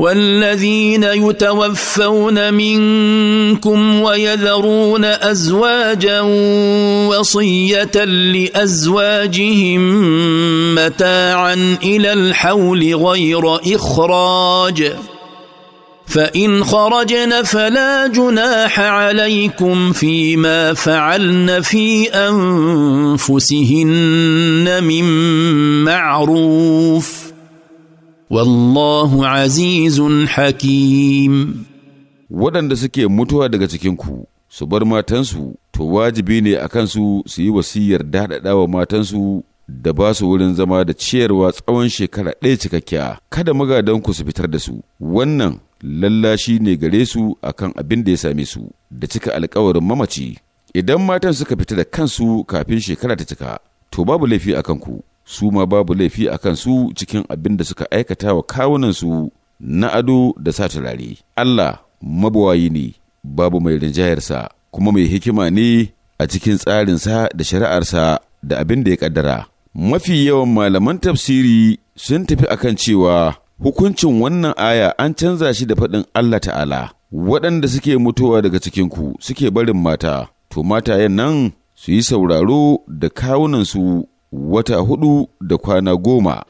والذين يتوفون منكم ويذرون ازواجا وصيه لازواجهم متاعا الى الحول غير اخراج فان خرجن فلا جناح عليكم فيما فعلن في انفسهن من معروف والله عزيز حكيم waɗanda suke mutuwa daga cikinku su bar matansu to wajibi ne a kansu su yi wasiyar daɗaɗa wa matansu da ba su wurin zama da ciyarwa tsawon shekara ɗaya cikakkiya kada magadanku su fitar da su wannan lallashi ne gare su a kan abin da ya same su da cika alkawarin mamaci idan matan suka fita da kansu kafin shekara ta cika to babu laifi a kanku su ma babu laifi a kan su cikin abin da suka aikata wa kawunansu na ado da sa turare. Allah mabuwayi ne, babu mai rinjayarsa, kuma mai hikima ne a cikin tsarinsa da shari'arsa da abin da ya kaddara. Mafi yawan malaman tafsiri sun tafi akan cewa hukuncin wannan aya an canza shi da faɗin Allah ta'ala, waɗanda suke mutuwa daga cikinku suke barin mata, to matayen nan su yi sauraro da kawunansu wata hudu da kwana goma.